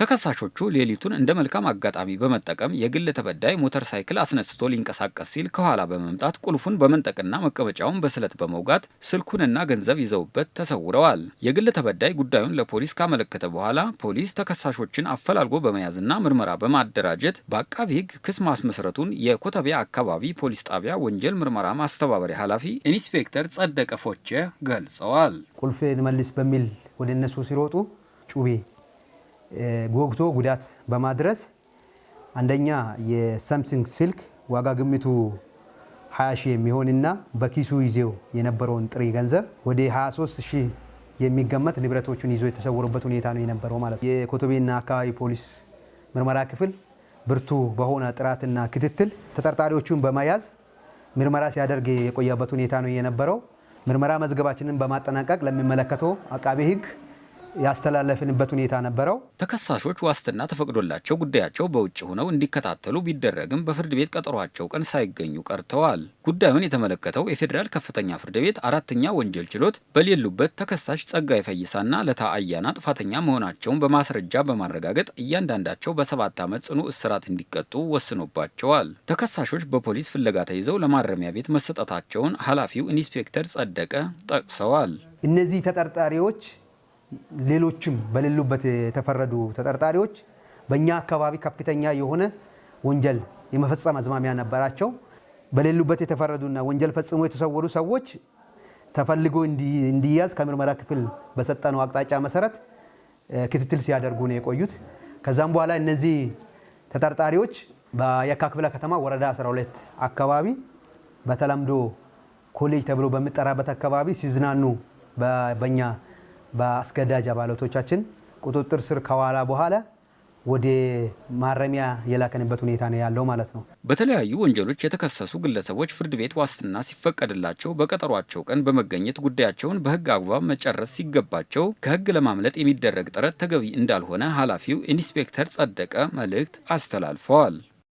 ተከሳሾቹ ሌሊቱን እንደ መልካም አጋጣሚ በመጠቀም የግል ተበዳይ ሞተር ሳይክል አስነስቶ ሊንቀሳቀስ ሲል ከኋላ በመምጣት ቁልፉን በመንጠቅና መቀመጫውን በስለት በመውጋት ስልኩንና ገንዘብ ይዘውበት ተሰውረዋል። የግል ተበዳይ ጉዳዩን ለፖሊስ ካመለከተ በኋላ ፖሊስ ተከሳሾችን አፈላልጎ በመያዝና ምርመራ በማደራጀት በአቃቢ ሕግ ክስ ማስመስረቱን የኮተቢያ አካባቢ ፖሊስ ጣቢያ ወንጀል ምርመራ ማስተባበሪያ ኃላፊ ኢንስፔክተር ጸደቀ ፎቼ ገልጸዋል። ቁልፌን መልስ በሚል ወደ እነሱ ሲሮጡ ጩቤ ጎግቶ ጉዳት በማድረስ አንደኛ የሳምሰንግ ስልክ ዋጋ ግምቱ 20 ሺህ የሚሆንና በኪሱ ይዜው የነበረውን ጥሬ ገንዘብ ወደ 23 ሺህ የሚገመት ንብረቶቹን ይዞ የተሰወሩበት ሁኔታ ነው የነበረው ማለት ነው። የኮቶቤና አካባቢ ፖሊስ ምርመራ ክፍል ብርቱ በሆነ ጥራትና ክትትል ተጠርጣሪዎቹን በመያዝ ምርመራ ሲያደርግ የቆየበት ሁኔታ ነው የነበረው። ምርመራ መዝገባችንን በማጠናቀቅ ለሚመለከተው አቃቤ ሕግ ያስተላለፍንበት ሁኔታ ነበረው። ተከሳሾች ዋስትና ተፈቅዶላቸው ጉዳያቸው በውጭ ሆነው እንዲከታተሉ ቢደረግም በፍርድ ቤት ቀጠሯቸው ቀን ሳይገኙ ቀርተዋል። ጉዳዩን የተመለከተው የፌዴራል ከፍተኛ ፍርድ ቤት አራተኛ ወንጀል ችሎት በሌሉበት ተከሳሽ ጸጋይ ፈይሳና ለታ አያና ጥፋተኛ መሆናቸውን በማስረጃ በማረጋገጥ እያንዳንዳቸው በሰባት ዓመት ጽኑ እስራት እንዲቀጡ ወስኖባቸዋል። ተከሳሾች በፖሊስ ፍለጋ ተይዘው ለማረሚያ ቤት መሰጠታቸውን ኃላፊው ኢንስፔክተር ጸደቀ ጠቅሰዋል። እነዚህ ተጠርጣሪዎች ሌሎችም በሌሉበት የተፈረዱ ተጠርጣሪዎች በእኛ አካባቢ ከፍተኛ የሆነ ወንጀል የመፈጸም አዝማሚያ ነበራቸው። በሌሉበት የተፈረዱና ወንጀል ፈጽሞ የተሰወሩ ሰዎች ተፈልጎ እንዲያዝ ከምርመራ ክፍል በሰጠነው አቅጣጫ መሰረት ክትትል ሲያደርጉ ነው የቆዩት። ከዛም በኋላ እነዚህ ተጠርጣሪዎች በየካ ክፍለ ከተማ ወረዳ 12 አካባቢ በተለምዶ ኮሌጅ ተብሎ በሚጠራበት አካባቢ ሲዝናኑ በኛ በአስገዳጅ አባላቶቻችን ቁጥጥር ስር ከዋላ በኋላ ወደ ማረሚያ የላከንበት ሁኔታ ነው ያለው ማለት ነው። በተለያዩ ወንጀሎች የተከሰሱ ግለሰቦች ፍርድ ቤት ዋስትና ሲፈቀድላቸው በቀጠሯቸው ቀን በመገኘት ጉዳያቸውን በሕግ አግባብ መጨረስ ሲገባቸው ከሕግ ለማምለጥ የሚደረግ ጥረት ተገቢ እንዳልሆነ ኃላፊው ኢንስፔክተር ጸደቀ መልእክት አስተላልፈዋል።